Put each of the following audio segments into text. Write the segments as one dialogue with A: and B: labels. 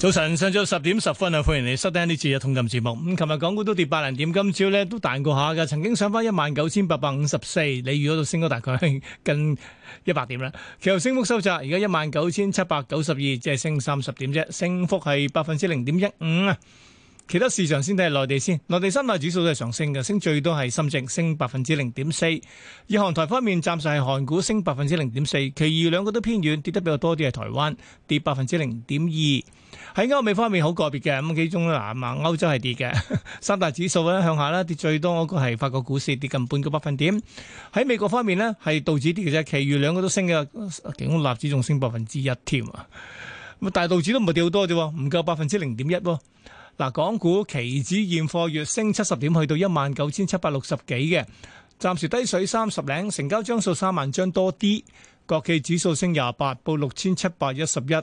A: 早晨，上晝十點十分啊！歡迎你收聽呢次嘅《一桶金》節目。咁，琴日港股都跌百零點，今朝咧都彈過下嘅。曾經上翻一萬九千八百五十四，你如果都升咗大概近一百點啦。其實升幅收窄，而家一萬九千七百九十二，即係升三十點啫，升幅係百分之零點一五啊。其他市場先睇下內地先，內地三大指數都係上升嘅，升最多係深圳升百分之零點四。以韓台方面，暫時係韓股升百分之零點四，其餘兩個都偏軟，跌得比較多啲係台灣跌百分之零點二。喺歐美方面好個別嘅，咁幾中啦。咁啊，歐洲係跌嘅，三大指數咧向下啦，跌最多嗰個係法國股市跌近半個百分點。喺美國方面呢，係道指跌嘅啫，其餘兩個都升嘅，其中納指仲升百分之一添啊。咁啊，但道指都唔係跌好多啫，唔夠百分之零點一喎。嗱，港股期指現貨月升七十點，去到一萬九千七百六十幾嘅，暫時低水三十零，成交張數三萬張多啲。國企指數升廿八，報六千七百一十一。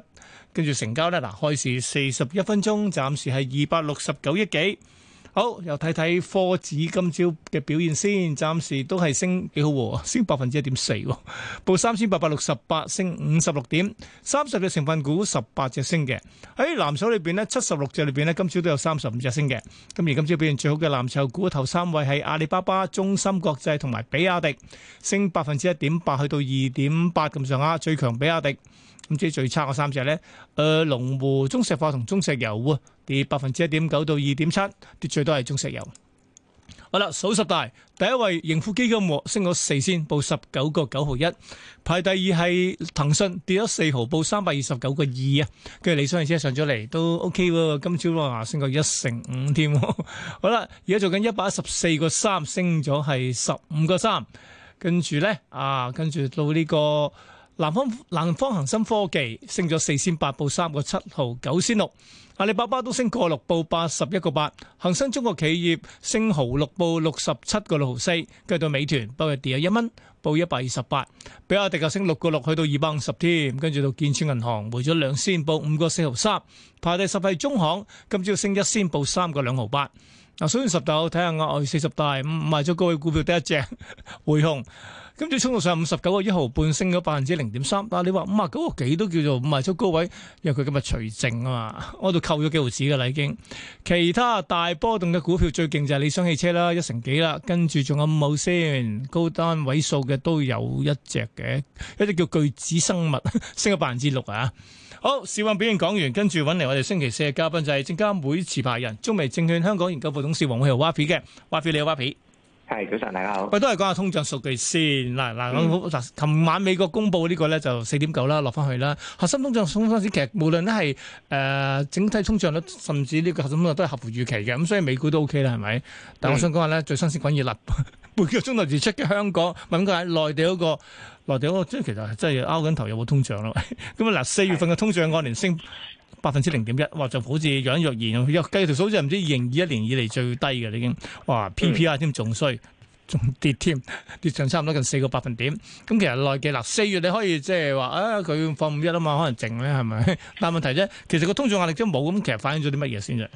A: 跟住成交咧，嗱，開市四十一分鐘，暫時係二百六十九億幾。好，又睇睇科指今朝嘅表現先。暫時都係升幾好，升百分之一點四，報三千八百六十八，升五十六點。三十隻成分股十八隻升嘅。喺藍籌裏邊呢，七十六隻裏邊呢，今朝都有三十五隻升嘅。咁而今朝表現最好嘅藍籌股頭三位係阿里巴巴、中芯國際同埋比亞迪，升百分之一點八，去到二點八咁上下，最強比亞迪。咁至於最差個三隻咧，誒、呃、龍湖、中石化同中石油，跌百分之一點九到二點七，跌最多係中石油。好啦，數十大，第一位盈富基金喎，升咗四先，報十九個九毫一。排第二係騰訊，跌咗四毫，報三百二十九個二啊。跟住理想汽車上咗嚟，都 OK 喎，今朝都話升個一成五添。好啦，而家做緊一百一十四個三，升咗係十五個三，跟住咧啊，跟住到呢、這個。南方南方恒生科技升咗四仙八，報三個七毫九仙六。阿里巴巴都升個六，報八十一個八。恒生中國企業升毫六，報六十七個六毫四。跟住到美團，不過跌咗一蚊，報一百二十八。比亞迪又升六個六，去到二百五十添。跟住到建設銀行，回咗兩仙，報五個四毫三。排第十係中行，今朝升一仙，報三個兩毫八。嗱，所以十大睇下，我，看看我四十大賣咗高位股票，第一隻匯紅，今次衝到上五十九個一毫半，升咗百分之零點三。但你話五十九個幾都叫做賣咗高位，因為佢今日除淨啊嘛，我度扣咗幾毫子㗎啦已經。其他大波動嘅股票最勁就係理想汽車啦，一成幾啦，跟住仲有五號先高單位數嘅都有一隻嘅，一隻叫巨子生物，升咗百分之六啊。好，市況表現講完，跟住揾嚟我哋星期四嘅嘉賓就係證監會持牌人中微證券香港研究部董事王偉豪 Yavi 嘅 Yavi，你好 Yavi。係
B: 早晨大家好，
A: 喂，都係講下通脹數據先。嗱嗱嗱，琴、嗯、晚美國公布個呢個咧就四點九啦，落翻去啦。核心通脹通數據其實無論都係誒整體通脹率，甚至呢個核心通脹都係合乎預期嘅，咁所以美股都 OK 啦，係咪？但我想講下咧，最新鮮滾熱辣。 半個鐘頭前出嘅香港，問佢喺內地嗰個，內地嗰個，即係其實真係拗緊頭有冇通脹咯。咁啊嗱，四月份嘅通脹按年升百分之零點一，哇，就好似養若然，又計條數就唔知二零二一年以嚟最低嘅已經，哇，P P R 添仲衰，仲跌添，跌上差唔多近四個百分點。咁其實內地嗱，呃，四月你可以即係話啊，佢放五一啊嘛，可能靜咧係咪？ 但問題啫，其實個通脹壓力都冇，咁其實反映咗啲乜嘢先啫？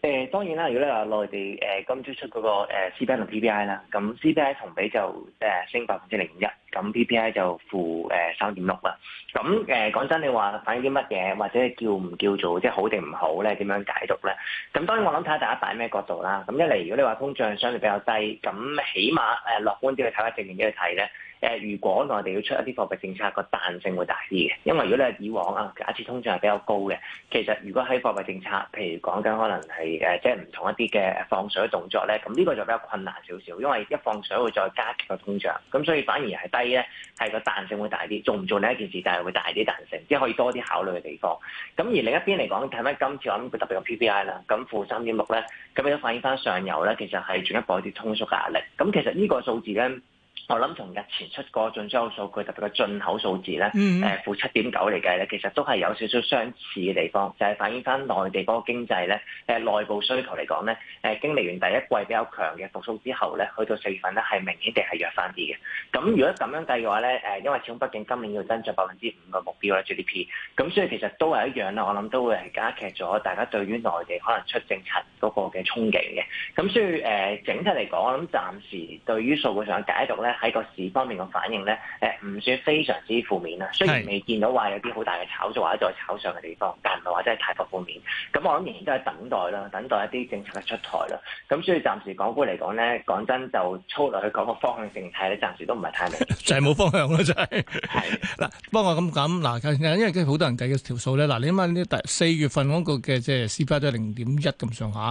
B: 誒、嗯、當然啦，如果你話內地誒今朝出嗰個 CPI 同 PPI 啦，咁 CPI 同比就誒升百分之零點一，咁 PPI 就負誒三點六啦。咁誒講真，你話反映啲乜嘢，或者叫唔叫做即係好定唔好咧？點樣解讀咧？咁當然我諗睇下大家擺咩角度啦。咁一嚟如果你話通脹相對比較低，咁起碼誒樂、呃、觀啲去睇，或者正面啲去睇咧。誒，如果內地要出一啲貨幣政策，個彈性會大啲嘅。因為如果你係以往啊，假設通脹係比較高嘅，其實如果喺貨幣政策，譬如講緊可能係誒，即係唔同一啲嘅放水動作咧，咁呢個就比較困難少少。因為一放水會再加劇個通脹，咁所以反而係低咧，係個彈性會大啲。做唔做呢一件事，但係會大啲彈性，即係可以多啲考慮嘅地方。咁而另一邊嚟講，睇翻今次我諗特別個 PPI 啦，咁負三點六咧，咁亦都反映翻上游咧，其實係進一步一啲通縮嘅壓力。咁其實呢個數字咧。我諗同日前出過進出口數據特別嘅進口數字咧，誒、mm-hmm. 呃、負七點九嚟計咧，其實都係有少少相似嘅地方，就係、是、反映翻內地嗰個經濟咧，內部需求嚟講咧，誒經歷完第一季比較強嘅復甦之後咧，去到四月份咧係明顯地係弱翻啲嘅。咁如果咁樣計嘅話咧、呃，因為始終畢竟今年要增長百分之五嘅目標啦 GDP，咁所以其實都係一樣啦。我諗都會係加劇咗大家對於內地可能出政策嗰個嘅憧憬嘅。咁所以、呃、整體嚟講，我諗暫時對於數據上嘅解讀咧。喺個市方面嘅反應咧，誒唔算非常之負面啦。雖然未見到話有啲好大嘅炒作或者再炒上嘅地方，但唔係話真係太過負面。咁我諗仍然都係等待啦，等待一啲政策嘅出台啦。咁所以暫時港股嚟講咧，講真就粗略去講個方向性睇咧，暫時都唔係太明 就是沒
A: 有，就係冇方向咯，就 係 是。係嗱，不過咁講嗱，因為好多人計嘅條數咧，嗱你起碼呢第四月份嗰個嘅即係 CPI 都係零點一咁上下。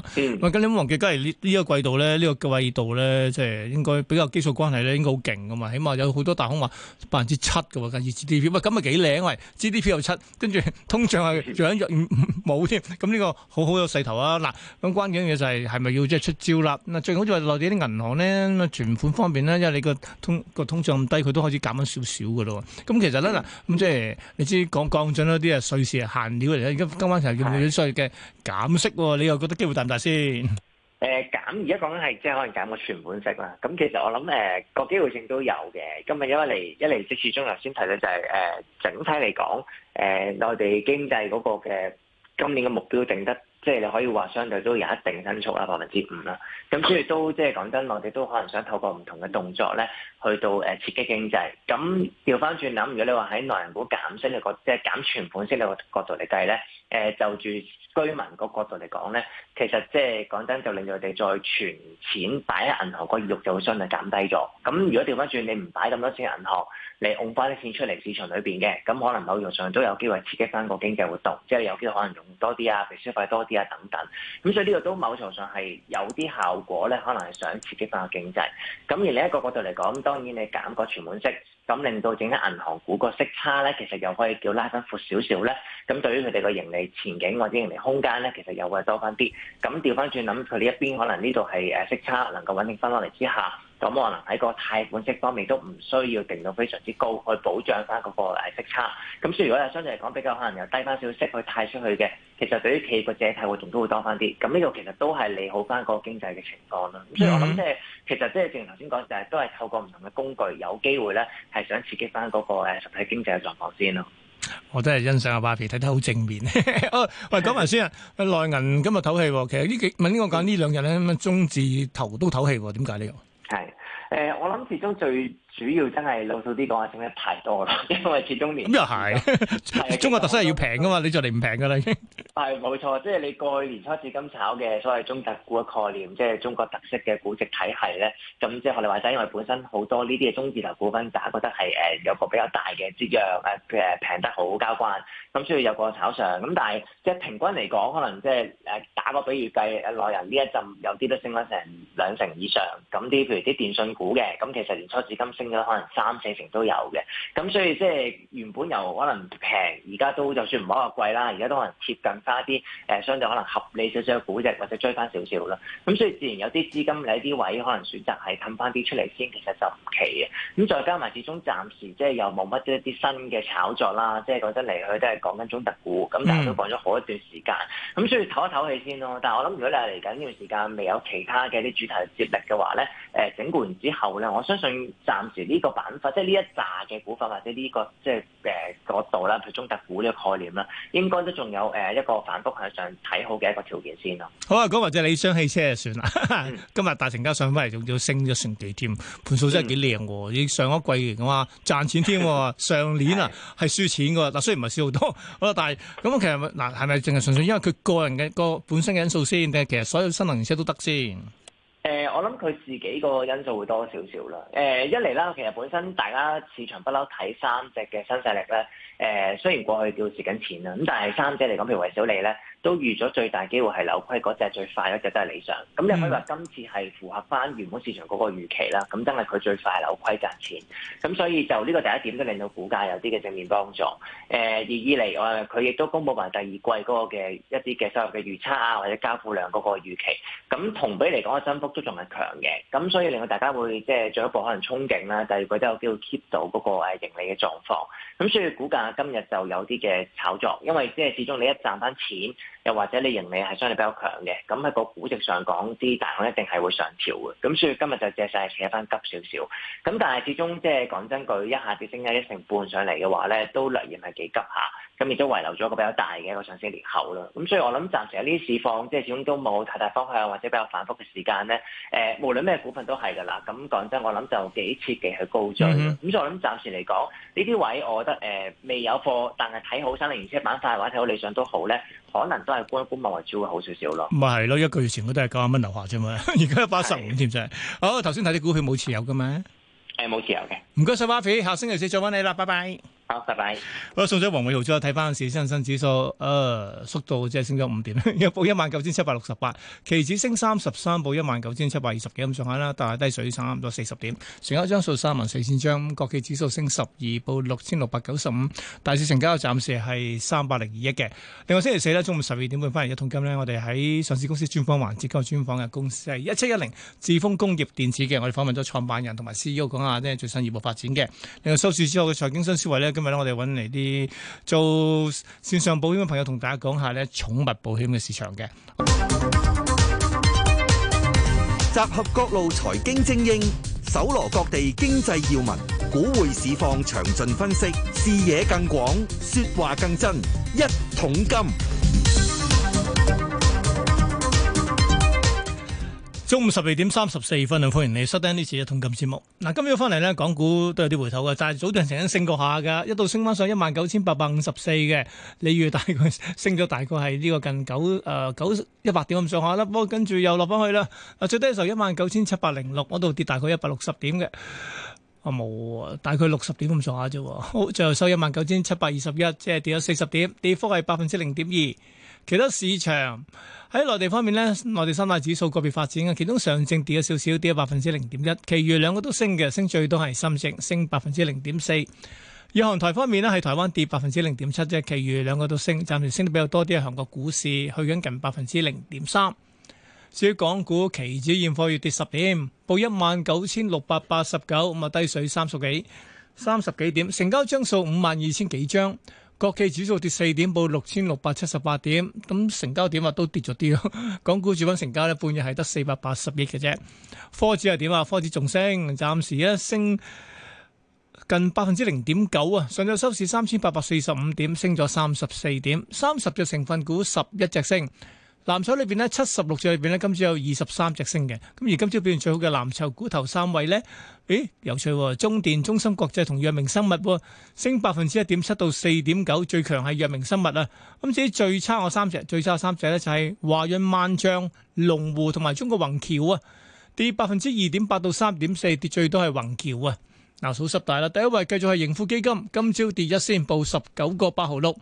A: 咁你唔忘記，今日呢呢一個季度咧，呢、這個季度咧，即係應該比較基礎關係咧，應。好勁噶嘛，起碼有好多大空話百分之七噶喎，介意 GDP，喂，咁啊幾靚喂，GDP 又七，跟住通脹係漲咗冇添，咁 呢個好好有勢頭啊！嗱，咁關鍵嘅嘢就係係咪要即係出招啦？嗱，最好就係內地啲銀行咧，存款方面咧，因為你個通個通，通脹咁低，佢都開始減咗少少噶咯。咁其實咧嗱，咁即係你知講降準咗啲啊，瑞士啊限料嚟，而家今晚就係叫瑞士嘅減息，你又覺得機會大唔大先？
B: 誒、呃、減而家講緊係即係可能減個全本息啦，咁其實我諗誒、呃、個機會性都有嘅。今日因為嚟一嚟即始終頭先提到就係誒整體嚟講，誒、呃、內地經濟嗰個嘅今年嘅目標定得即係你可以話相對都有一定增速啦，百分之五啦。咁所以都即係講真，我哋都可能想透過唔同嘅動作咧，去到誒、呃、刺激經濟。咁調翻轉諗，如果你話喺內銀股減息嘅角，即係減全本息嘅角度嚟計咧。誒、呃、就住居民個角度嚟講咧，其實即係講真，就令到佢哋再存錢擺喺銀行個意欲就會相對減低咗。咁如果調翻轉，你唔擺咁多錢銀行，你用翻啲錢出嚟市場裏面嘅，咁可能某程度上都有機會刺激翻個經濟活動，即係有機會可能用多啲啊，譬如消費多啲啊等等。咁所以呢個都某程度上係有啲效果咧，可能係想刺激翻個經濟。咁而另一個角度嚟講，當然你減個存款息。咁令到整啲銀行股個息差咧，其實又可以叫拉返闊少少咧。咁對於佢哋個盈利前景或者盈利空間咧，其實又會多翻啲。咁調翻轉諗，佢呢一邊可能呢度係誒息差能夠穩定翻落嚟之下。咁可能喺個貸款息方面都唔需要定到非常之高，去保障翻嗰個誒息差。咁所以如果係相對嚟講比較可能又低翻少息去貸出去嘅，其實對於企業嘅借貸活動都會多翻啲。咁呢個其實都係利好翻嗰個經濟嘅情況啦。咁所以我諗即係其實即係正如頭先講，就係都係透過唔同嘅工具，有機會咧係想刺激翻嗰個誒實體經濟嘅狀況先咯。
A: 我真係欣賞阿 b a 睇得好正面。 哦、喂，講 埋先啊，內銀今日唞氣，其實呢幾問呢個講呢兩日咧， 中字頭都唞氣，點解呢？
B: 係，誒、呃，我諗始終最主要真係老土啲講話升得太多啦，因為始終年咁又
A: 係中國特色係要平㗎嘛，你就嚟唔平㗎啦，
B: 係冇錯。即係你過去年初至今炒嘅所謂中特股嘅概念，即係中國特色嘅估值體系咧，咁即係你話齋，因為本身好多呢啲嘅中字頭股份，大家覺得係有個比較大嘅節約誒嘅平得好交關，咁所以有個炒上。咁但係即係平均嚟講，可能即係打個比喻計，內銀呢一陣有啲都升翻成兩成以上，咁啲譬如啲電信股嘅，咁其實年初至今升，可能三四成都有嘅，咁所以即係原本又可能平，而家都就算唔好話貴啦，而家都可能貼近翻啲誒相對可能合理少少嘅估值，或者追翻少少啦。咁所以自然有啲資金喺啲位，可能選擇係氹翻啲出嚟先，其實就唔奇嘅。咁再加埋始終暫時即係又冇乜一啲新嘅炒作啦，即係覺得嚟去都係講緊中特股，咁但係都講咗好一段時間，咁所以唞一唞氣先咯。但係我諗如果你係嚟緊呢段時間未有其他嘅啲主題接力嘅話咧，誒整固完之後咧，我相信暫。呢、這個板塊，即係呢一紮嘅股份，或者呢、這個即係誒角度啦，譬如中特股呢個概念啦，應該都仲有誒、呃、一個反覆向上睇好嘅一個條件先
A: 咯。好啊，講埋即係理想汽車就算啦。嗯、 今日大成交上翻嚟仲要升咗成幾添，盤數真係幾靚喎。你、嗯、上一季嘅話賺錢添、哦， 上年啊係輸錢㗎。嗱，雖然唔係輸好多，好啦，但係咁、嗯、其實嗱係咪淨係純粹因為佢個人嘅個本身嘅因素先，定係其實所有新能源車都得先？
B: 誒、呃，我諗佢自己個因素會多少少啦。誒、呃，一嚟啦，其實本身大家市場不嬲睇三隻嘅新勢力咧。誒、呃，雖然過去叫蝕緊錢啦，咁但係三隻嚟講，譬如蔚小理咧，都預咗最大機會係扭虧嗰隻，最快嗰隻都係理想。咁你可以話今次係符合翻原本市場嗰個預期啦。咁真係佢最快扭虧賺錢。咁所以就呢個第一點都令到股價有啲嘅正面幫助。誒、呃，而二嚟我佢亦都公布埋第二季嗰個嘅一啲嘅收入嘅預測啊，或者交付量嗰個預期。咁同比嚟講嘅增幅，都仲係強嘅，咁所以令到大家會即係進一步可能憧憬啦。第二季都有機會 keep 到嗰個誒盈利嘅狀況，咁所以股價今日就有啲嘅炒作，因為即係始終你一賺翻錢，又或者你盈利係相對比較強嘅，咁喺個估值上講，啲大行一定係會上調嘅。咁所以今日就借勢企翻急少少，咁但係始終即係講真句，一下子升咗一成半上嚟嘅話咧，都仍然係幾急下。咁亦都遺留咗一個比較大嘅一個上升裂口啦。咁所以我諗暫時有呢啲市況，即係始終都冇太大方向或者比較反覆嘅時間咧。誒、呃，無論咩股份都係㗎啦。咁講真，我諗就幾切忌去高追。咁、嗯、所以我諗暫時嚟講，呢啲位我覺得誒、呃、未有貨，但係睇好新能源車板塊或者睇好理想都好咧，可能都係觀一觀望為主會好少少咯。
A: 咪係咯，一個月前我都係九啊蚊樓下啫嘛，而家八十五添啫。好，頭先睇啲股票冇持有㗎嘛？
B: 誒、呃，冇持有嘅。
A: 唔該曬 w a 下星期四再揾你啦，拜拜。好，拜拜。好，送咗黃偉豪，再睇翻市恒生指數，呃，縮到即係升咗五點， 一報一萬九千七百六十八，期指升三十三，報一萬九千七百二十幾咁上下啦，但係低水差唔多四十點。成交張數三萬四千張，國企指數升十二，報六千六百九十五，大市成交暫時係三百零二億嘅。另外星期四咧，中午十二點半翻嚟一桶金。呢我哋喺上市公司專訪環節，今日專訪嘅公司係一七一零智峰工業電子嘅，我哋訪問咗創辦人同埋 CEO 講下咧最新業務發展嘅。另外收市之後嘅財經新思維呢今日我哋揾嚟啲做線上保險嘅朋友，同大家講下咧寵物保險嘅市場嘅。集合各路財經精英，搜羅各地經濟要聞，股匯市況詳盡分析，視野更廣，説話更真，一桶金。中午十二點三十四分啊，歡迎你收聽呢次嘅《一桶金節目》。嗱，今日翻嚟呢，港股都有啲回頭嘅，但係早段成日升過下噶，一度升翻上一萬九千八百五十四嘅，你預大概升咗大概係呢個近九誒九百點咁上下啦。不過跟住又落翻去啦，啊最低嘅時候一萬九千七百零六嗰度跌大概一百六十點嘅，啊冇啊，大概六十點咁上下啫。好，最後收一萬九千七百二十一，即係跌咗四十點，跌幅係百分之零點二。其他市場喺內地方面咧，內地三大指數個別發展，其中上證跌咗少少，跌咗百分之零點一，其餘兩個都升嘅，升最多係深證，升百分之零點四。以韓台方面咧，係台灣跌百分之零點七啫，其餘兩個都升，暫時升得比較多啲係韓國股市，去緊近百分之零點三。至於港股期指現貨要跌十點，報一萬九千六百八十九，咁啊低水三十幾三十幾點，成交張數五萬二千幾張。國企指數跌四點，報六千六百七十八點。咁成交點啊都跌咗啲咯。港股主板成交咧，半日係得四百八十億嘅啫。科指係點啊？科指仲升，暫時一升近百分之零點九啊。上晝收市三千八百四十五點，升咗三十四點。三十隻成分股，十一隻升。藍籌裏邊呢，七十六隻裏邊呢，今朝有二十三隻升嘅。咁而今朝表現最好嘅藍籌股頭三位呢，咦，有趣喎！中電、中芯國際同藥明生物喎，升百分之一點七到四點九，最強係藥明生物啊。咁至於最差我三隻，最差嘅三隻呢，就係華潤萬象、龍湖同埋中國宏橋啊，跌百分之二點八到三點四，跌最多係宏橋啊。嗱，數十大啦，第一位繼續係盈富基金，今朝跌一先，報十九個八毫六。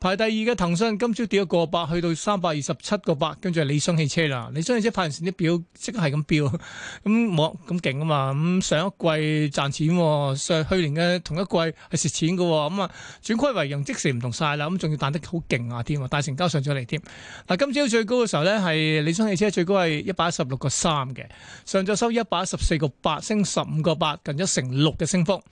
A: 排第二嘅騰訊今朝跌咗個八，去到三百二十七個八，跟住係理想汽車啦。理想汽車發完成績表即係咁飆，咁冇咁勁啊嘛！咁上一季賺錢、哦，上去年嘅同一季係蝕錢嘅、哦，咁啊轉虧為盈，即時唔同晒啦。咁仲要彈得好勁啊，添啊大成交上咗嚟添。嗱，今朝最高嘅時候咧係理想汽車最高係一百一十六個三嘅，上晝收一百一十四個八，升十五個八，近一成六嘅升幅。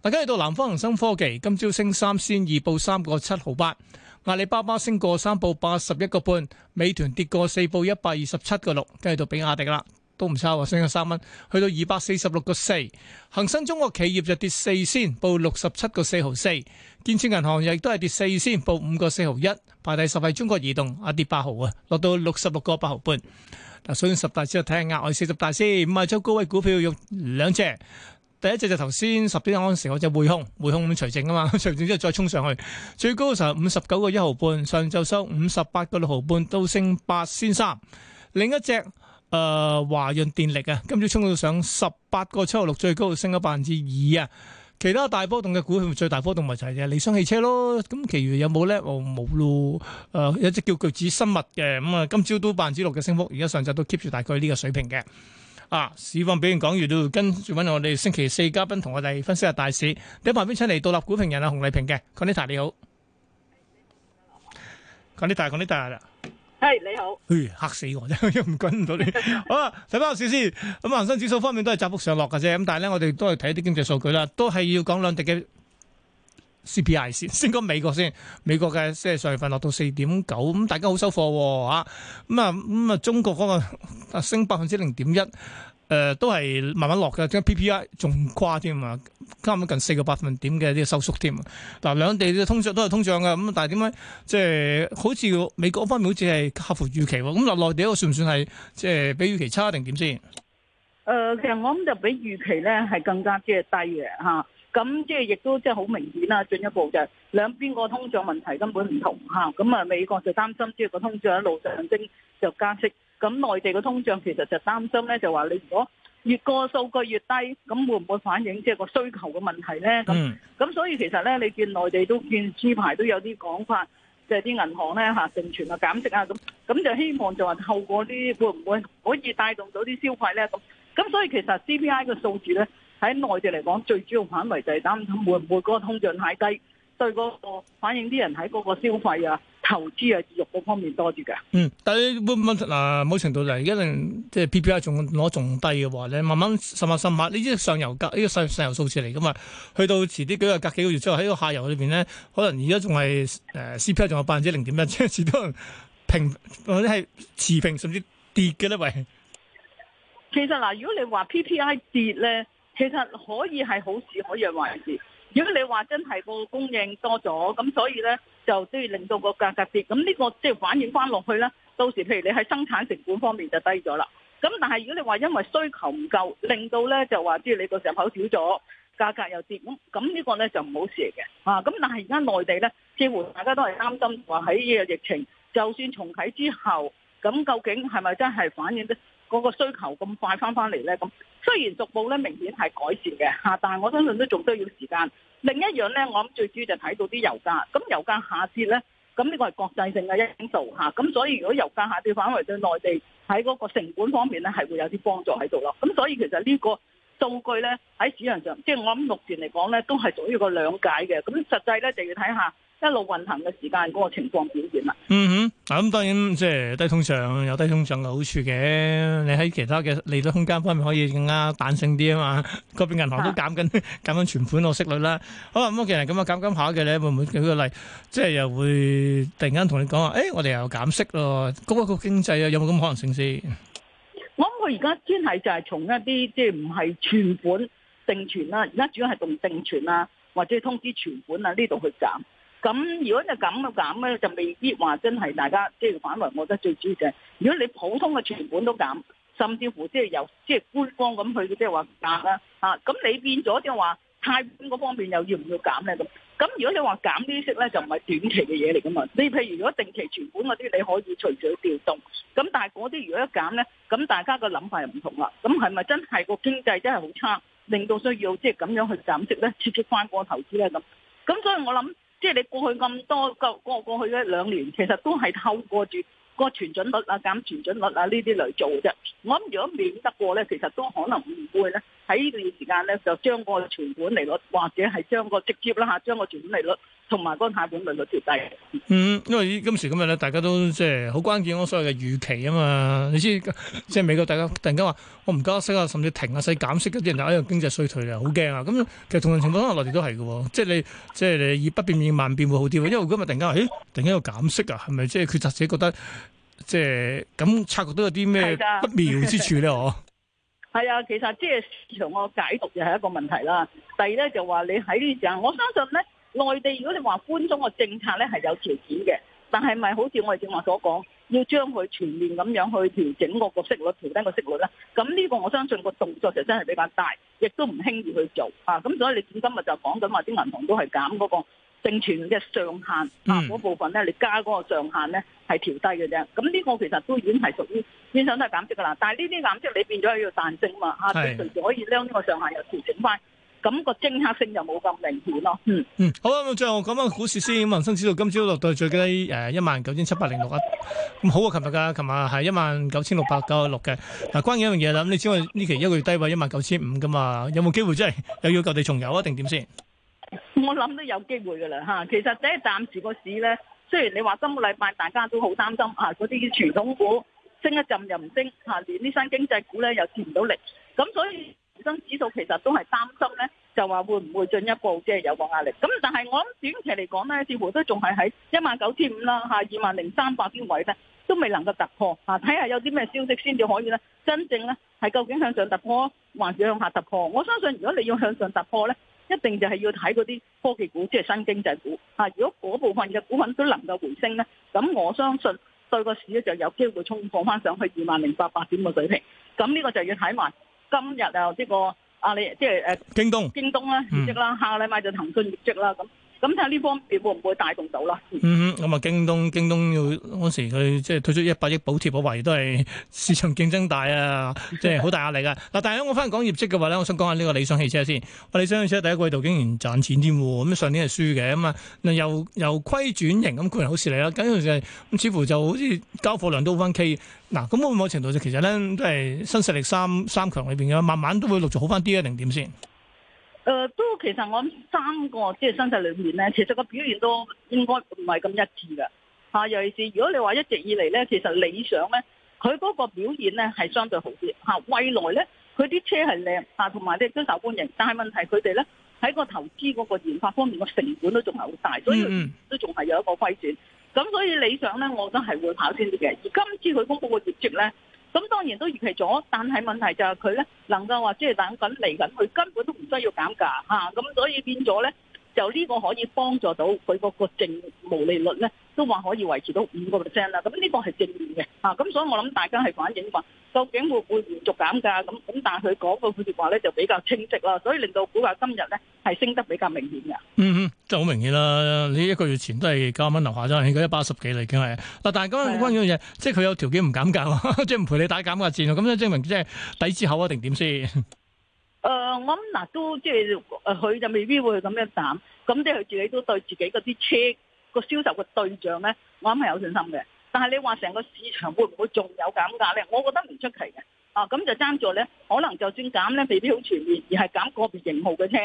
A: 大家去到南方恒生科技，今朝升三仙二，報三個七毫八。阿里巴巴升過三，報八十一個半，美團跌過四，報一百二十七個六。跟住到比亞迪啦，都唔差啊，升咗三蚊，去到二百四十六個四。恒生中國企業就跌四仙，報六十七個四毫四。建設銀行亦都係跌四仙，報五個四毫一。排第十係中國移動，啊跌八毫啊，落到六十六個八毫半。嗱，所以十大之後睇下額外四十大先。咁啊，周高位股票有兩隻。第一隻就頭先十點嗰陣時嗰隻匯控，匯控咁除淨啊嘛，除淨之後再衝上去，最高嘅時候五十九個一毫半，上晝收五十八個六毫半，都升八仙三。另一隻誒、呃、華潤電力啊，今朝衝到上十八個七毫六，最高升咗百分之二啊。其他大波動嘅股票最大波動咪就係理想汽車咯。咁其餘有冇咧？我、哦、冇咯。誒、呃，有一隻叫巨子生物嘅咁啊，今朝都百分之六嘅升幅，而家上晝都 keep 住大概呢個水平嘅。啊！市況表現講完啦，跟住揾我哋星期四嘉賓同我哋分析下大市。喺旁邊請嚟獨立股評人啊，洪麗萍嘅，Conita 你好。Conita，Conita 啦。係你好。嘿，嚇死我！又唔跟唔到你。好啦，睇翻個市先。咁恒生指數方面都係窄幅上落㗎啫。咁但係咧，我哋都係睇一啲經濟數據啦，都係要講兩滴嘅。CPI 先，先講美國先。美國嘅即係上月份落到四點九，咁大家好收貨喎嚇。咁啊咁啊，中國嗰個升百分之零點一，誒都係慢慢落嘅。即係 PPI 仲誇添啊，差唔多近四個百分點嘅啲收縮添。嗱，兩地通脹都係通脹嘅，咁但係點解即係好似美國方面好似係合乎預期喎？咁落內地嗰個算唔算係即係比預期差定點先？誒、
C: 呃，其實我諗就比預期咧係更加即係低嘅嚇、啊。咁即係亦都即係好明顯啦，進一步就係兩邊個通脹問題根本唔同吓。咁啊，美國就擔心即係個通脹一路上升就加息。咁內地個通脹其實就擔心咧，就話你如果越個數據越低，咁會唔會反映即係個需求嘅問題咧？咁、嗯、咁所以其實咧，你見內地都見諸排都有啲講法，即係啲銀行咧嚇定存啊減息啊咁，咁就希望就話透過啲會唔會可以帶動到啲消費咧？咁咁所以其實 CPI 嘅數字咧。喺內地嚟講，最主要的範圍就係擔心會唔會嗰個通脹太低，對嗰個反映啲人喺嗰個消費啊、投資啊、業嗰方面多啲嘅。
A: 嗯，但係問題嗱某程度嚟，而家連即係 P P I 仲攞仲低嘅話咧，你慢慢十萬十萬，你知上游價呢個上游上游數字嚟㗎嘛？去到遲啲幾日隔幾個月之後喺個下游裏邊咧，可能而家仲係誒 C P I 仲有百分之零點一，即係時都平或者係持平甚至跌嘅咧。喂，
C: 其實嗱，呃，如果你話 P P I 跌咧。其實可以係好事，可以係壞事。如果你話真係個供應多咗，咁所以呢，就即係令到個價格跌，咁呢個即係反映翻落去呢，到時譬如你喺生產成本方面就低咗啦。咁但係如果你話因為需求唔夠，令到呢就話即係你個進口少咗，價格又跌，咁咁呢個呢就唔好事嘅。啊，咁但係而家內地呢，似乎大家都係擔心話喺呢個疫情，就算重啟之後，咁究竟係咪真係反映得？嗰、那個需求咁快翻翻嚟咧，咁雖然逐步咧明顯係改善嘅嚇，但係我相信都仲需要時間。另一樣咧，我諗最主要就睇到啲油價，咁油價下跌咧，咁呢個係國際性嘅因素嚇，咁所以如果油價下跌反為對內地喺嗰個成本方面咧係會有啲幫助喺度咯。咁所以其實呢個數據咧喺市場上，即、就是、我諗目前嚟講咧都係屬於個兩解嘅，咁實際咧就要睇下。一路運行嘅時間，嗰、那個
A: 情況點樣啊？嗯哼，嗱咁當然即係低通脹有低通脹嘅好處嘅，你喺其他嘅利率空間方面可以更加彈性啲啊嘛。嗰邊銀行都減緊、啊、減緊存款嘅息率啦。好咁，其實咁啊減緊下嘅咧，會唔會舉個例，即、就、係、是、又會突然間同你講話，誒、欸，我哋又減息咯，高一個經濟啊，有冇咁可能性先？
C: 我諗佢而家先係就係從一啲即係唔係存款定存啦，而家主要係同定存啦，或者通知存款啊呢度去減。咁如果你咁嘅減咧，就未必話真係大家即係反而。我覺得最主要嘅，如果你普通嘅存款都減，甚至乎即係由即係官方咁去即係話壓啦嚇，咁你變咗即係話貸款嗰方面又要唔要減咧咁？咁如果你話減啲息咧，就唔係短期嘅嘢嚟噶嘛。你譬如如果定期存款嗰啲，你可以隨時去調動。咁但係嗰啲如果一減咧，咁大家個諗法又唔同啦。咁係咪真係個經濟真係好差，令到需要即係咁樣去減息咧，刺激翻個投資咧咁？咁所以我諗。即係你過去咁多個過過去一兩年，其實都係透過住個存準率啊、減存準率啊呢啲嚟做嘅。我諗如果免得過咧，其實都可能唔會咧。喺呢段時間咧，就將個存款利
A: 率或者係將個直接啦吓，將個存款利率同埋嗰個貸款利率調低。嗯，因為今時今日咧，大家都即係好關鍵我所謂嘅預期啊嘛。你知即係美國，大家突然間話我唔加息啊，甚至，甚至停啊，使減息嗰啲人就喺度經濟衰退啊，好驚啊。咁其實同樣情況可能內地都係嘅，即係你即係你以不變應萬變會好啲。因為今日突然間，咦、欸，突然間又減息啊，係咪即係決策者覺得即係咁察覺到有啲咩不妙之處咧？我。
C: 係啊，其實即係同我解讀又係一個問題啦。第二咧就話你喺呢啲時候，我相信咧內地如果你話寬鬆個政策咧係有條件嘅，但係咪好似我哋正話所講，要將佢全面咁樣去調整個個息率，調低個息率咧？咁呢個我相信個動作就真係比較大，亦都唔輕易去做啊。咁所以你今日就講緊話啲銀行都係減嗰、嗰個正存嘅上限嗰部分咧，你加嗰個上限咧係調低嘅啫。咁呢個其實都已經係屬於變相都係
A: 減息㗎啦。但係呢啲減息你變咗係要彈性啊嘛，啊隨時可以將呢個上限又調整翻，咁個政策性就冇咁明顯咯。嗯嗯，好啦，咁最後講翻股市先，恒生指數今朝落到最低誒一萬九千七百零六啊，咁好啊，琴日㗎，琴日係一萬九千六百九十六嘅。嗱、啊，關鍵一樣嘢啦，咁你知道我呢期一個月低位一萬九千五㗎嘛，有冇機會真係又要舊地重遊啊？定點先？
C: 我諗都有機會噶啦吓，其實咧暫時個市咧，雖然你話今個禮拜大家都好擔心啊，嗰啲傳統股升一陣又唔升，吓連呢新經濟股咧又見唔到力，咁所以恒生指數其實都係擔心咧，就話會唔會進一步即係、就是、有個壓力？咁但係我諗短期嚟講咧，似乎都仲係喺一萬九千五啦吓，二萬零三百啲位咧都未能夠突破吓，睇下有啲咩消息先至可以咧，真正咧係究竟向上突破還是向下突破？我相信如果你要向上突破咧。一定就係要睇嗰啲科技股，即係新經濟股。吓、啊，如果嗰部分嘅股份都能夠回升咧，咁我相信對個市咧就有機會衝破翻上去二萬零八百點嘅水平。咁呢個就要睇埋今日、這個、啊，呢個阿李即係誒，京東，京東咧業績啦，下個禮拜就騰訊業績啦，咁、嗯。嗯咁
A: 睇下呢方面會唔會帶動到啦？嗯咁啊，京東京東要嗰時佢即係推出一百億補貼，我懷疑都係市場競爭大啊，即係好大壓力嘅。嗱，但係我翻嚟講業績嘅話咧，我想講下呢個理想汽車先。理想汽車第一季度竟然賺錢添喎，咁上年係輸嘅，咁啊又又虧轉盈，咁固然好事嚟啦。緊要就係咁，似乎就好似交貨量都好翻 K、啊。嗱，咁某程度就其實咧都係新勢力三三強裏邊嘅，慢慢都會陸續好翻啲啊，定點先？
C: 誒、呃，都其實我諗三個即係新勢力裏面咧，其實個表現都應該唔係咁一致嘅吓、啊。尤其是如果你話一直以嚟，咧，其實理想咧，佢嗰個表現咧係相對好啲吓、啊。未來咧，佢啲車係靚吓，同埋咧都受歡迎。但係問題佢哋咧喺個投資嗰個研發方面個成本都仲係好大，所以都仲係有一個虧損。咁所以理想咧，我都係會跑先啲嘅。而今次佢公佈個業績咧，咁當然都預期咗，但係問題就係佢咧能夠話即係等緊嚟緊，佢、就是、根本都唔需要減價咁、啊，所以變咗咧就呢個可以幫助到佢嗰個淨毛利率咧。都話可以維持到五個 percent 啦，咁呢個係正面嘅嚇，咁所以我諗大家係反映話，究竟會唔會連續減價咁咁，但係佢講嗰句話咧就比較清晰啦，所以令到股價今日咧係升得比較明顯嘅。嗯嗯，
A: 真係好明顯啦！你一個月前都係九蚊樓下咗，而家一百十幾啦梗經係嗱，但係嗰樣關鍵嘅嘢，即係佢有條件唔減價喎，即係唔陪你打減價戰喎，咁樣證明即係底子厚啊定點先？
C: 誒、呃，我諗嗱，都即係誒，佢、呃、就未必會咁樣減，咁即係自己都對自己嗰啲車。個銷售個對象呢，我諗係有信心嘅。但係你話成個市場會唔會仲有減價呢？我覺得唔出奇嘅。啊，咁就爭咗呢，可能就算減呢未必好全面，而係減個別型號嘅車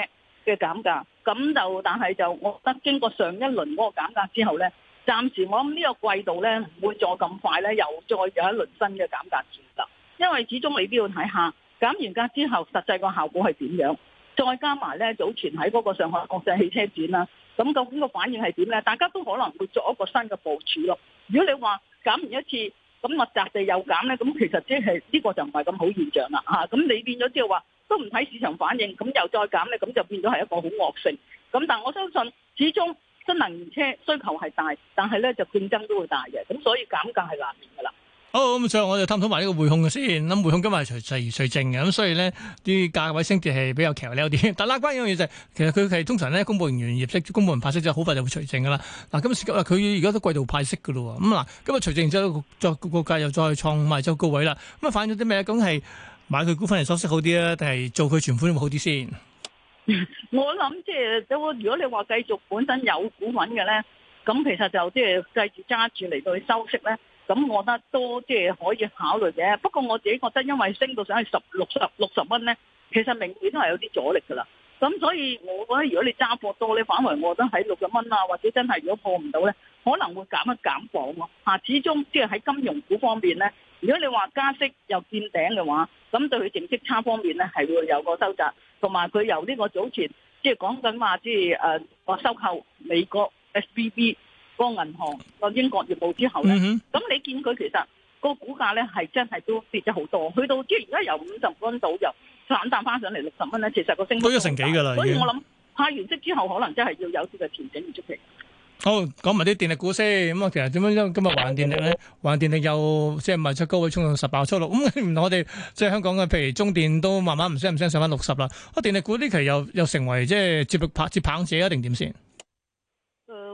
C: 嘅減價。咁就但係就，我覺得經過上一輪嗰個減價之後呢，暫時我諗呢個季度呢，唔會再咁快呢，又再有一輪新嘅減價戰啦。因為始終你都要睇下減完價之後實際個效果係點樣。再加埋呢，早前喺嗰個上海國際汽車展啦。咁究竟個反應係點咧？大家都可能會作一個新嘅部署咯。如果你話減完一次，咁密集地又減咧，咁其實即係呢個就唔係咁好現象啦。嚇，咁你變咗之後話都唔睇市場反應，咁又再減咧，咁就變咗係一個好惡性。咁但係我相信，始終新能源車需求係大，但係咧就競爭都會大嘅，咁所以減價係難免㗎啦。
A: 好、哦、咁，最後我就探討埋呢個匯控嘅先。咁匯控今日係隨隨而除淨嘅，咁所以咧啲價位升跌係比較劇烈啲。但係關鍵嘅嘢就係，其實佢係通常咧公布盈餘業績、公布完派息之後，好快就會除淨噶啦。嗱，今次佢而家都季度派息噶啦。咁嗱，今日除淨之後，再股價又再創埋咗高位啦。咁啊反映咗啲咩？咁係買佢股份嚟收息好啲啊，定係做佢存款會好啲先？
C: 我諗即係如果你話繼續本身有股份嘅咧，咁其實就即係繼續揸住嚟到去收息咧。咁我覺得都即係可以考慮嘅，不過我自己覺得因為升到上去十六十六十蚊咧，其實明顯都係有啲阻力㗎喇。咁所以，我覺得如果你揸貨多咧，你反為我覺得喺六十蚊啊，或者真係如果破唔到咧，可能會減一減磅喎。嚇，始終即係喺金融股方面咧，如果你話加息又見頂嘅話，咁對佢淨息差方面咧，係會有個收窄，同埋佢由呢個早前即係講緊話即係誒收購美國 SBB。個銀行個英國業務之後咧，咁你見佢其實個股價咧係真係都跌咗好多，去到即係而家由五十蚊度又反彈翻上嚟，六十蚊咧，其
A: 實個升幅都成幾噶啦。所以我諗
C: 派完息之後，可能真係要有啲嘅前景預期。
A: 好，講埋啲電力股先。咁啊，其實點樣？今日華潤電力咧，華潤電力又即係咪出高位，衝到十八、十六。咁原來我哋即係香港嘅，譬如中電都慢慢唔升唔升，上翻六十啦。啊，電力股呢期又又成為即係接棒接棒者啊？定點先？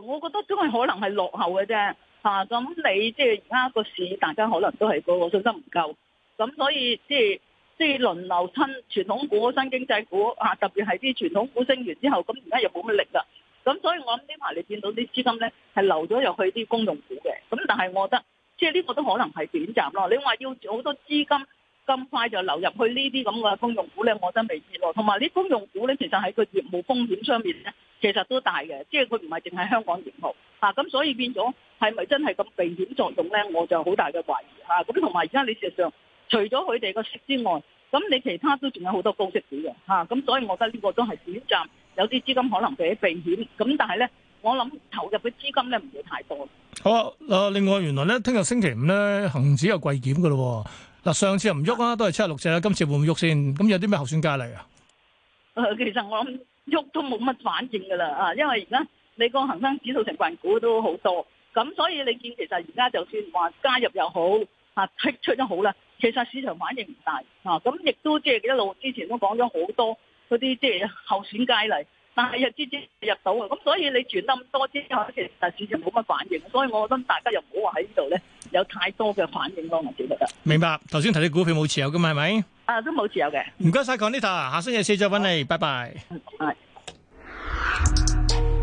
C: 我覺得都係可能係落後嘅啫，嚇、啊、咁你即係而家個市，大家可能都係、嗰個個信心唔夠，咁所以即係即係輪流新傳統股、新經濟股，啊特別係啲傳統股升完之後，咁而家又冇乜力啦，咁所以我諗呢排你見到啲資金咧係流咗入去啲公用股嘅，咁但係我覺得即係呢個都可能係短暫咯。你話要好多資金。咁快就流入去呢啲咁嘅公用股咧，我真未知喎。同埋啲公用股咧，其實喺個業務風險上面咧，其實都大嘅，即係佢唔係淨係香港業務嚇。咁、啊、所以變咗係咪真係咁避險作用咧？我就好大嘅懷疑嚇。咁同埋而家你事實上除咗佢哋個息之外，咁你其他都仲有好多高息股嘅嚇。咁、啊、所以我覺得呢個都係短暫有啲資金可能俾避險咁，但係咧我諗投入嘅資金咧唔會太多。
A: 好啊！嗱，另外原來咧，聽日星期五咧，恒指又貴檢嘅咯。嗱，上次又唔喐啊，都係七十六隻啦，今次會唔會喐先？咁有啲咩候選佳麗啊？
C: 誒，其實我諗喐都冇乜反應噶啦啊，因為而家你個恒生指數成分股，股都好多，咁所以你見其實而家就算話加入又好，嚇剔出咗好啦，其實市場反應唔大啊。咁亦都即係一路之前都講咗好多嗰啲即係候選佳麗。但係又接接入到啊，咁所以你轉咁多之後咧，其實市場冇乜反應，所以我覺得大家又唔好話喺呢度咧有太多嘅反應咯，我記
A: 得。明白，頭先提啲股票冇持有噶嘛，係咪？
C: 啊，都冇持有嘅。
A: 唔該晒，Conita，下星期四再揾你，拜拜。嗯，係。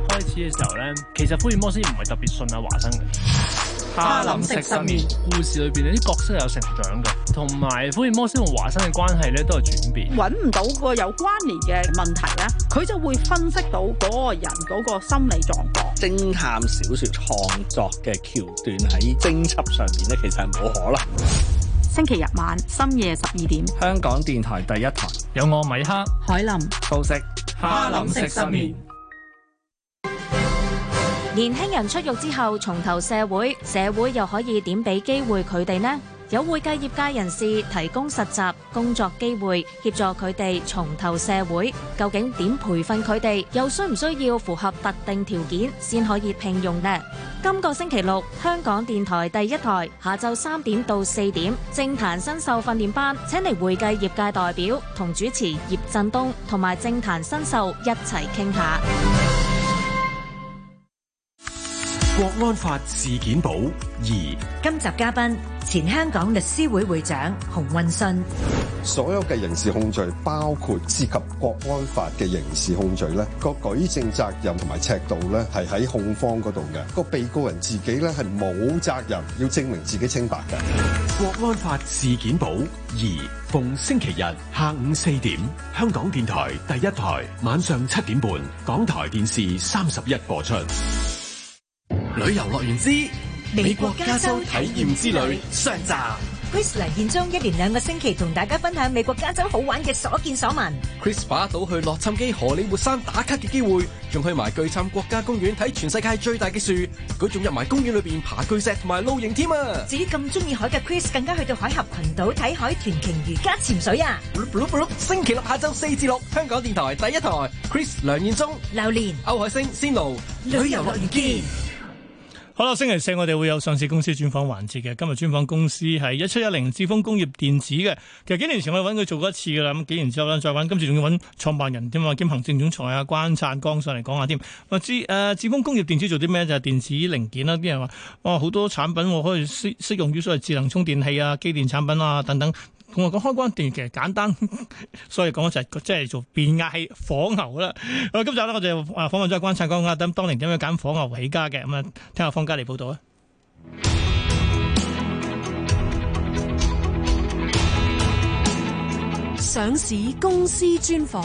A: 開始嘅時候咧，其實福爾摩斯唔係特別信阿、啊、華生嘅。哈林食失眠，故事裏邊呢啲角色有成長噶，同埋《福爾摩斯同華生嘅關係咧都係轉變。
C: 揾唔到個有關聯嘅問題咧，佢就會分析到嗰個人嗰個心理狀況。偵
A: 探小說創、嗯、作嘅橋段喺偵緝上面咧，其實係冇可能。
D: 星期日晚深夜十二點，
A: 香港電台第一台有我米克、海林、高色、哈林食失眠。
D: 年輕人出獄之後，重投社會，社會又可以點俾機會佢哋呢？有會計業界人士提供實習工作機會，協助佢哋重投社會。究竟點培訓佢哋？又需唔需要符合特定條件先可以聘用呢？今個星期六，香港電台第一台下晝三點到四點，政壇新秀訓練班，請嚟會計業界代表同主持葉振東同埋政壇新秀一齊傾下。
E: 國安法事件簿二，
D: 今集嘉賓，前香港律師會會長洪運信。
E: 所有嘅刑事控罪，包括涉及國安法嘅刑事控罪咧，個舉證責任同埋尺度咧，係喺控方嗰度嘅，個被告人自己咧係冇責任要證明自己清白嘅。
B: 國安
E: 法事件簿二，逢星期日下午四點，香港電台第一台，晚上七點半，港台電視三十一播出。旅遊樂園之美國加州體驗之旅上集，Chris
D: 梁燕忠，一連兩個星期同大家分享美國加州好玩嘅所見所聞。Chris 把到去洛杉磯荷里活山打卡嘅機會，仲去埋巨杉國家公園睇全世界最大嘅樹，佢仲入埋公園裏邊爬巨石同埋露營添啊！至於咁中意海嘅 Chris，更加去到海峽群島睇海豚、鯨魚、加潛水啊！星期六下晝四至六，香港電台第一台，Chris 梁燕忠、劉蓮、歐海星、Cino 旅遊樂園見。
A: 好啦，星期四我哋會有上市公司專訪環節嘅。今日專訪公司係一七一零智豐工業電子嘅。其實幾年前我揾佢做過一次噶啦，咁幾年之後呢，再揾，今次仲要揾創辦人添啊，兼行政總裁啊關燦光上嚟講下添。智誒、呃、智豐工業電子做啲咩？就係、是、電子零件啦。啲人話哇好多產品我可以適適用於所謂智能充電器啊、機電產品啊等等。咁啊，開關電源其實簡單，呵呵所以講就即、是、係、就是、做變壓器火牛啦、嗯。今集咧，我哋啊訪問咗關察講，綱啊，咁當年點樣揀火牛起家嘅？咁啊，聽下方家麗報道啊。
D: 上市公司專訪。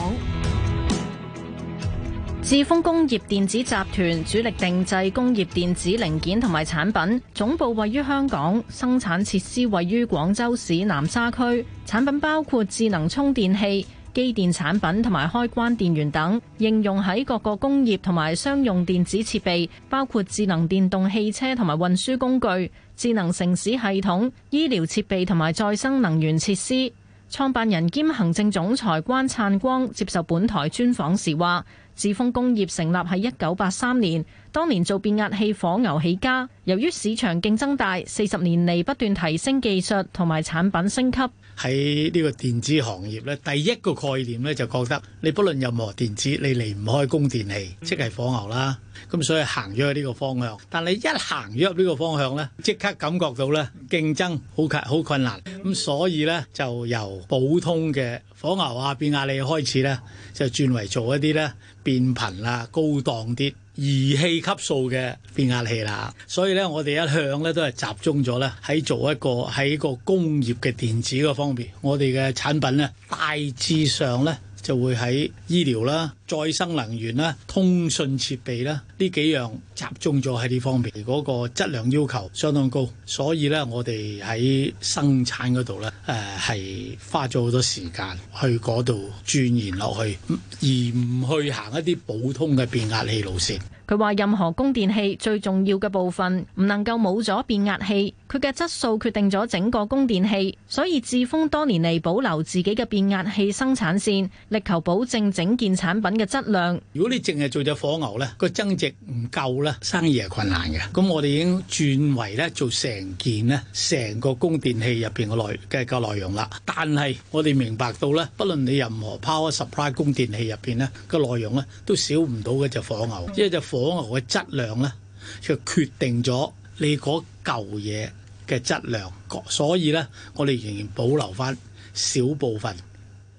D: 智豐工業電子集團主力定製工業電子零件同埋產品，總部位於香港，生產設施位於廣州市南沙區。產品包括智能充電器、機電產品同埋開關電源等，應用喺各個工業同埋商用電子設備，包括智能電動汽車同埋運輸工具、智能城市系統、醫療設備同埋再生能源設施。創辦人兼行政總裁關燦光接受本台專訪時話。智峰工業成立喺一九八三年，當年做變壓器、火牛起家。由於市場競爭大，四十年嚟不斷提升技術同埋產品升級。
E: 喺呢個電子行業咧，第一個概念咧就覺得你不論任何電子，你離唔開供電器，即係火牛啦。咁所以行咗去呢個方向，但你一行咗入呢個方向咧，即刻感覺到咧競爭好困好困難。咁所以咧就由普通嘅火牛啊、變壓器開始咧，就轉為做一啲咧。變頻啦，高檔啲儀器級數嘅變壓器啦，所以呢，我哋一向呢都係集中咗呢，喺做一個喺個工業嘅電子個方面，我哋嘅產品呢大致上呢，就會喺醫療啦。再生能源啦、通訊設備啦，呢幾樣集中咗喺呢方面，嗰個質量要求相當高，所以咧我哋喺生產嗰度咧，誒係花咗好多時間去嗰度鑽研落去，而唔去行一啲普通嘅變壓器路線，
D: 佢話任何供電器最重要嘅部分唔能夠冇咗變壓器，佢嘅質素決定咗整個供電器。所以志豐多年嚟保留自己嘅變壓器生產線，力求保證整件產品。嘅質量，
E: 如果你淨係做隻火牛呢，個增值唔夠呢，生意係困難嘅。咁我哋已經轉為呢做成件呢成個供電器入邊嘅內嘅個內容啦。但係我哋明白到呢，不論你任何 power supply 供電器入邊呢個內容呢，都少唔到嘅隻火牛，因為隻火牛嘅質量呢，就決定咗你嗰舊嘢嘅質量。所以呢，我哋仍然保留翻小部分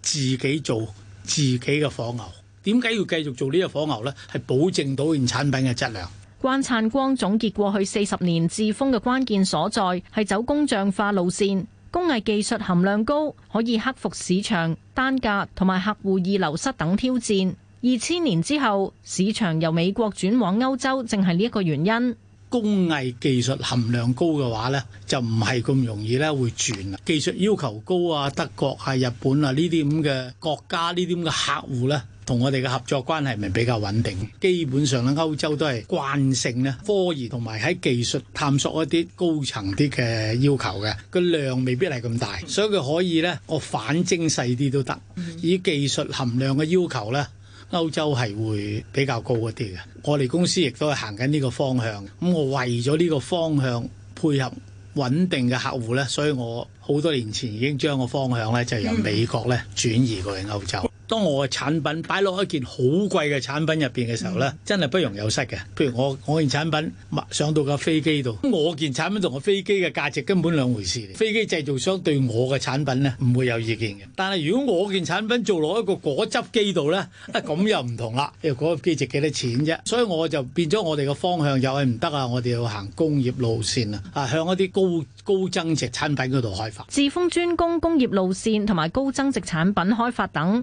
E: 自己做自己嘅火牛。點解要繼續做呢個火牛呢？係保證到件產品嘅質量。
D: 關燦光總結過去四十年治風嘅關鍵所在係走工匠化路線，工藝技術含量高，可以克服市場單價同埋客戶易流失等挑戰。二千年之後，市場由美國轉往歐洲，正係呢一個原因。
E: 工藝技術含量高嘅話呢，就唔係咁容易咧會轉。技術要求高啊，德國係日本啊呢啲咁嘅國家呢啲咁嘅客戶呢。同我哋嘅合作關係咪比較穩定？基本上咧，歐洲都係慣性咧，科研同埋喺技術探索一啲高層啲嘅要求嘅，個量未必係咁大，所以佢可以咧，我反精細啲都得。以技術含量嘅要求咧，歐洲係會比較高一啲嘅。我哋公司亦都係行緊呢個方向。咁我為咗呢個方向配合穩定嘅客戶咧，所以我好多年前已經將個方向咧就由美國咧轉移過去歐洲。當我嘅產品擺落一件好貴嘅產品入邊嘅時候呢，真係不容有失嘅。譬如我我件產品上到架飛機度，我件產品同個飛機嘅價值根本兩回事嚟。飛機製造商對我嘅產品呢，唔會有意見嘅。但係如果我件產品做落一個果汁機度呢，咁、啊、又唔同啦。因為果汁機值幾多錢啫，所以我就變咗我哋嘅方向又係唔得啊！我哋要行工業路線啊，啊向一啲高高增值產品嗰度開發，
D: 自封專攻工業路線同埋高增值產品開發等。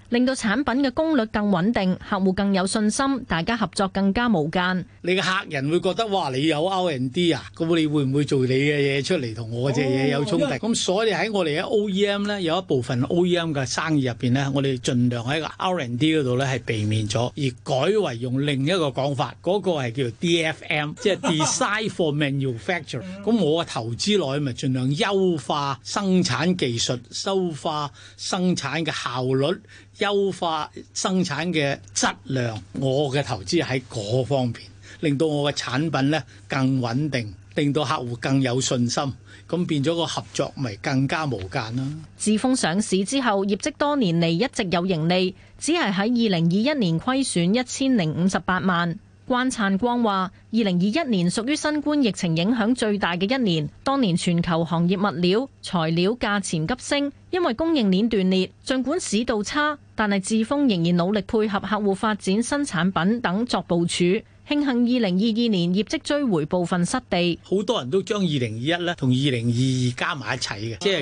D: 令到產品嘅功率更穩定，客戶更有信心，大家合作更加無間。
E: 你嘅客人會覺得哇，你有 R&D 啊，咁你會唔會做你嘅嘢出嚟，同我隻嘢有衝突？咁所以喺我哋嘅 OEM 咧，有一部分 OEM 嘅生意入邊咧，我哋盡量喺個 R&D 嗰度咧係避免咗，而改為用另一個講法，嗰個係叫做 DFM，即係 Design for Manufacture。咁我嘅投資內咪盡量優化生產技術，優化生產嘅效率。優化生產嘅質量，我嘅投資喺嗰方面，令到我嘅產品呢更穩定，令到客戶更有信心，咁變咗個合作咪更加無間咯。
D: 自封上市之後，業績多年嚟一直有盈利，只係喺二零二一年虧損一千零五十八萬。關燦光話：二零二一年屬於新冠疫情影響最大嘅一年，當年全球行業物料、材料價錢急升，因為供應鏈斷裂。儘管市道差，但係智峰仍然努力配合客戶發展新產品等作部署。慶幸二零二二年業績追回部分
E: 失地，好多人都將2021咧同2022加埋一齊嘅，即係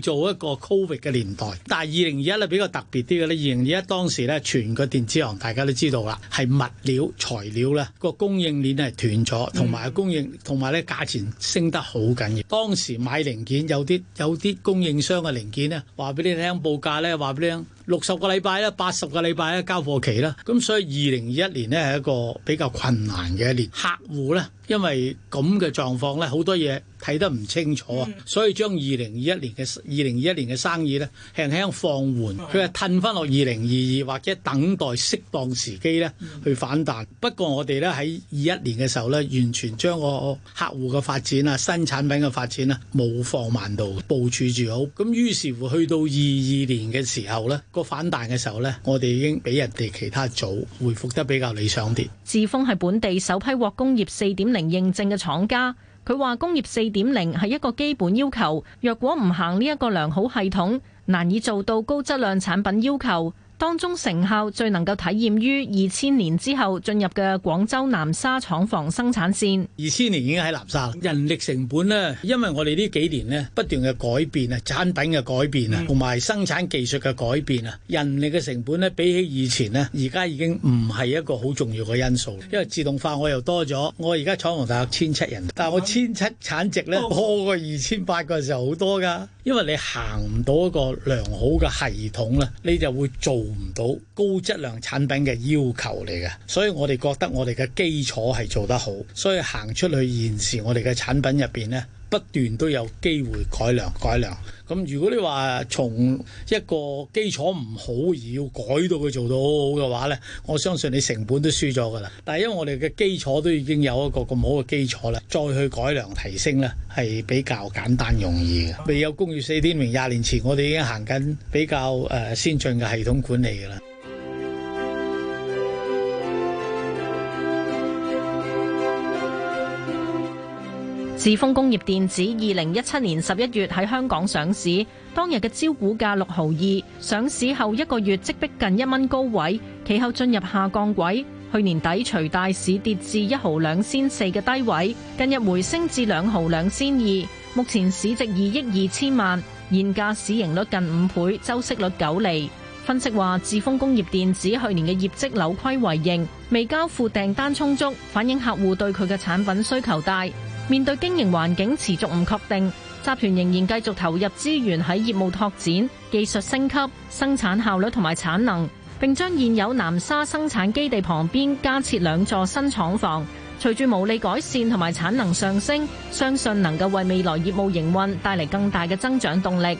E: 叫做一個 Covid 嘅年代。但係2021咧比較特別啲嘅咧，2021當時咧全個電子行大家都知道啦，係物料材料咧個供應鏈係斷咗，同埋供應同埋咧價錢升得好緊要。當時買零件有啲有啲供應商嘅零件咧，話俾你聽報價咧，話俾你聽。六十個禮拜啦，八十個禮拜啦，交貨期啦，咁所以二零二一年咧係一個比較困難嘅一年，客戶咧。因為咁嘅狀況咧，好多嘢睇得唔清楚啊、嗯，所以將二零二一年嘅二零二一年嘅生意咧輕輕放緩，佢係褪翻落二零二二或者等待適當時機咧去反彈。不過我哋咧喺二一年嘅時候咧，完全將個客戶嘅發展啊、新產品嘅發展啊冇放慢到，部署住好。咁於是乎去到二二年嘅時候咧，個反彈嘅時候咧，我哋已經比人哋其他組回復得比較理想啲。
D: 志峰係本地首批獲工業四點零認證嘅廠家，佢話工業四點零係一個基本要求，若果唔行呢一個良好系統，難以做到高質量產品要求。當中成效最能夠體驗於二千年之後進入嘅廣州南沙廠房生產線。
E: 二千年已經喺南沙，人力成本咧，因為我哋呢幾年呢不斷嘅改變啊，產品嘅改變啊，同埋生產技術嘅改變啊、嗯，人力嘅成本咧比起以前呢，而家已經唔係一個好重要嘅因素。因為自動化我又多咗，我而家廠房大約千七人，但係我千七產值咧多過二千八個時候好多噶。因為你行唔到一個良好嘅系統咧，你就會做唔到高質量產品嘅要求嚟㗎。所以我哋覺得我哋嘅基礎係做得好，所以行出去現時我哋嘅產品入邊咧。不斷都有機會改良改良，咁如果你話從一個基礎唔好而要改到佢做到好好嘅話呢，我相信你成本都輸咗噶啦。但係因為我哋嘅基礎都已經有一個咁好嘅基礎啦，再去改良提升呢係比較簡單容易嘅。未有工業四點零廿年前，我哋已經行緊比較誒先進嘅系統管理噶啦。
D: 智豐工業電子二零一七年十一月喺香港上市，當日嘅招股價六毫二，上市後一個月即逼近一蚊高位，其後進入下降軌。去年底隨大市跌至一毫兩仙四嘅低位，近日回升至兩毫兩仙二，目前市值二億二千萬，現價市盈率近五倍，周息率九厘。分析話，智豐工業電子去年嘅業績扭虧為盈，未交付訂單充足，反映客戶對佢嘅產品需求大。面對經營環境持續唔確定，集團仍然繼續投入資源喺業務拓展、技術升級、生產效率同埋產能，並將現有南沙生產基地旁邊加設兩座新廠房。隨住毛利改善同埋產能上升，相信能夠為未來業務營運帶嚟更大嘅增長動力。